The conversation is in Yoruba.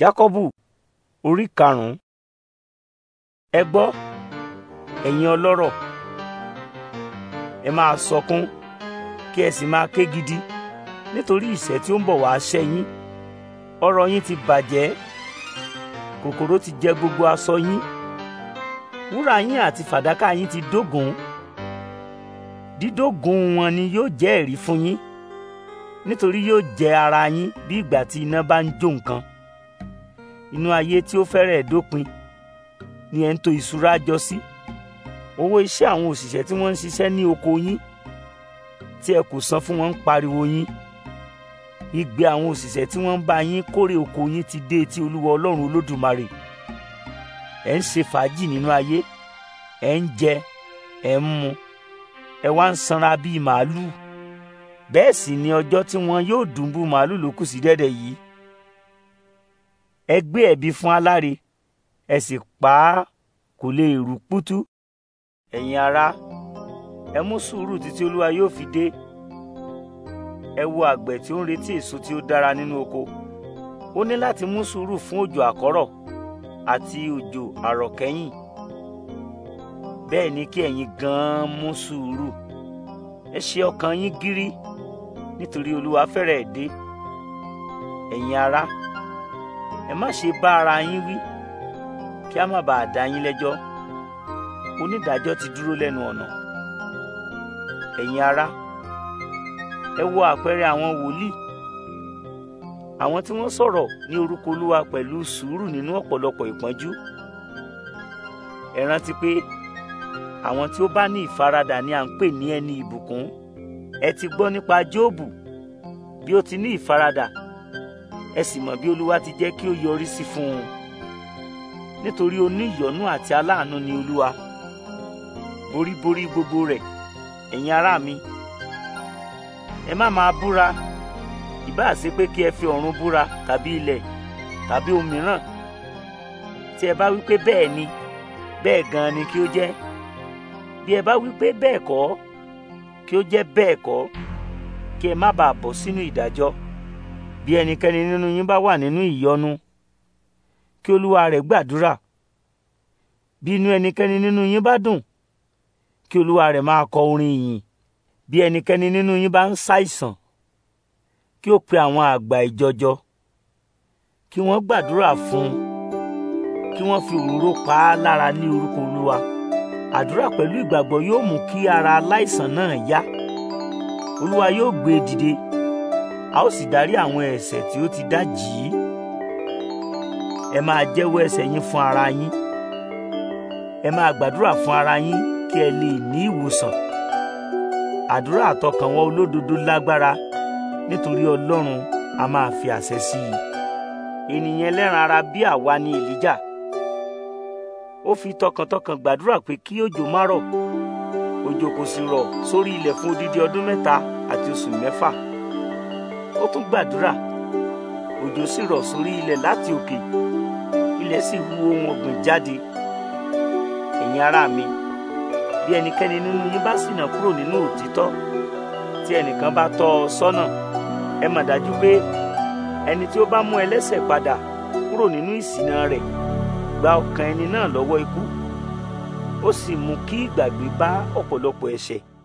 Jakobu, orí karùn-ún ẹ gbọ́ ẹ̀yin ọlọ́rọ̀ ẹ máa sọkún kí ẹ sì máa ké gidi nítorí ìṣẹ́ tí ó ń bọ̀ wá ṣẹ́ yín ọrọ̀ yín ti bàjẹ́ kòkòrò ti jẹ gbogbo aṣọ yín wúrà yín àti fàdákà yín ti dógùn dídógùn wọn ni yóò jẹ́ ẹ̀rí fún yín nítorí yóò jẹ ara yín bí ìgbà tí iná bá ń jó nǹkan inú ayé tí ó fẹ́rẹ̀ dópin ni ẹ̀ ń tò ìṣúra jọ sí owó iṣẹ́ àwọn òṣìṣẹ́ tí wọ́n ń ṣiṣẹ́ ní oko yín tí ẹ kò san fún wọn ń pariwo yín igbe àwọn òṣìṣẹ́ tí wọ́n ń bá yín kórè oko yín ti dé etí olúwa ọlọ́run olódùmarè ẹ̀ ń ṣe fàájì nínú ayé ẹ̀ ń jẹ ẹ̀ ń mu ẹ̀ wá ń sanra bíi màálù bẹ́ẹ̀ sì ni ọjọ́ tí wọn yóò dùnbù màálù ló kù dẹ́dẹ̀ yìí ẹ gbé ẹ̀bi fún aláre ẹ sì pa á kò lè rú pútú ẹ̀yin ará ẹ mú sùúrù títí olúwa yóò fi dé ẹ wo àgbẹ̀ tí ó ń retí èso tí ó dára nínú oko ó ní láti mú sùúrù fún òjò àkọ́rọ̀ àti òjò àrọ̀kẹ́yìn bẹ́ẹ̀ ni kí ẹ̀yin gan-an mú sùúrù ẹ ṣe ọkàn yín gírí nítorí olúwa fẹ́rẹ̀ dé ẹ̀yin ará ẹ má ṣe bá ara yín wí kí a má bàa dá yín lẹ́jọ́ onídàájọ́ ti dúró lẹ́nu ọ̀nà ẹ̀yin ará ẹ wo àpẹẹrẹ àwọn wòlíì àwọn tí wọ́n sọ̀rọ̀ ní orúkọ olúwa pẹ̀lú sùúrù nínú ọ̀pọ̀lọpọ̀ ìpọ́njú ẹ rántí pé àwọn tí ó bá ní ìfaradà ni à ń pè ní ẹni ìbùkún ẹ ti gbọ́ nípa jóòbù bí ó ti ní ìfaradà ẹ sì mọ̀ bí olúwa ti jẹ́ kí ó yọrí sí fún un nítorí oníyọ̀nú àti aláàánú ni olúwa boríborí gbogbo rẹ̀ ẹ̀yin ará mi ẹ má máa búra ìbáà ṣe pé kí ẹ fi ọ̀run búra tàbí ilẹ̀ tàbí òmíràn tí ẹ bá wí pé ni bẹ́ẹ̀ gan ni kí ó jẹ́ bí ẹ bá wí pé bẹ́ẹ̀ kí ó jẹ́ bẹ́ẹ̀ kọ́ kí ẹ má bàa bọ́ sínú ìdájọ́ bí ẹnikẹ́ni nínú yín bá wà nínú ìyọnu kí olúwa rẹ̀ gbàdúrà bí inú ẹnikẹ́ni nínú yín bá dùn kí olúwa rẹ̀ máa kọ orin ìyìn bí ẹnikẹ́ni nínú yín bá ń ṣàìsàn kí ó pe àwọn àgbà ìjọjọ kí wọ́n gbàdúrà fún kí wọ́n fi òróró pa á lára ní orúkọ olúwa àdúrà pẹ̀lú ìgbàgbọ́ yóò mú kí ara aláìsàn náà yá olúwa yóò gbé e dìde a ó sì dárí àwọn ẹ̀ṣẹ̀ tí ó ti dá jì í ẹ máa jẹ́wọ́ ẹ̀ṣẹ̀ yín fún ara yín ẹ máa gbàdúrà fún ara yín kí ẹ lè ní ìwòsàn àdúrà àtọkànwọ́ olódodo lágbára nítorí Ọlọ́run a máa fi àṣẹ sí i ènìyàn ẹlẹ́ran ara bí àwa ni Èlíjà ó fi tọkàntọkàn gbàdúrà pé kí òjò má rọ̀ òjò kò sì rọ̀ sórí ilẹ̀ fún odidi ọdún mẹ́ta àti oṣù mẹ́fà ó tún gbàdúrà òjò sì rọ̀ sórí ilẹ̀ láti òkè ilẹ̀ sì hu ohun ọ̀gbìn jáde ẹ̀yin ará mi bí ẹnikẹ́ni nínú yín bá ṣìnà kúrò nínú òtítọ́ tí ẹnìkan bá tọ́ ọ sọ́nà ẹ mọ̀ dájú pé ẹni tí ó bá mú ẹlẹ́ṣẹ̀ padà kúrò nínú ìṣìnà rẹ̀ gba ọkàn ẹni náà lọ́wọ́ ikú ó sì mú kí ìgbàgbé bá ọ̀pọ̀lọpọ̀ ẹ̀ṣẹ̀